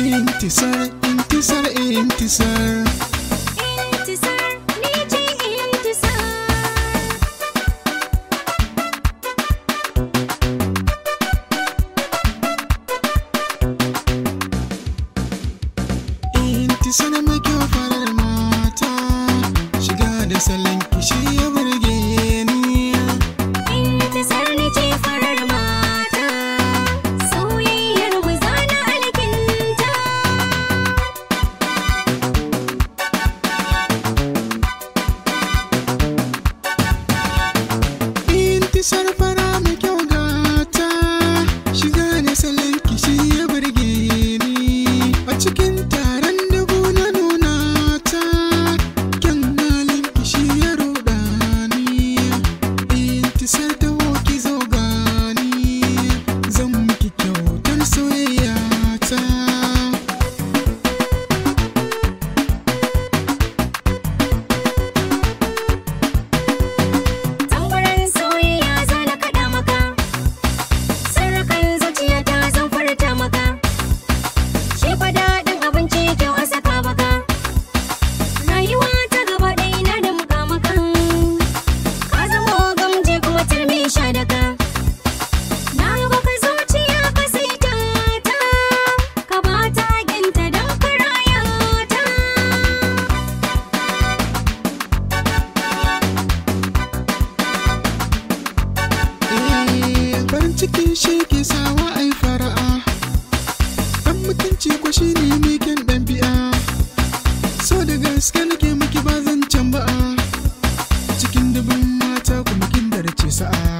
İntisar, intisar, intisar intisar, nice intisar İntisar mı kafara Desaparecer Daɗi shi ke sawa a yi fara'a Ɗan mutunci ko shi ne mikin ɗan bi'a So da gaske nake miki ba zan can ba'a Cikin dubin mata kuma kin darce sa'a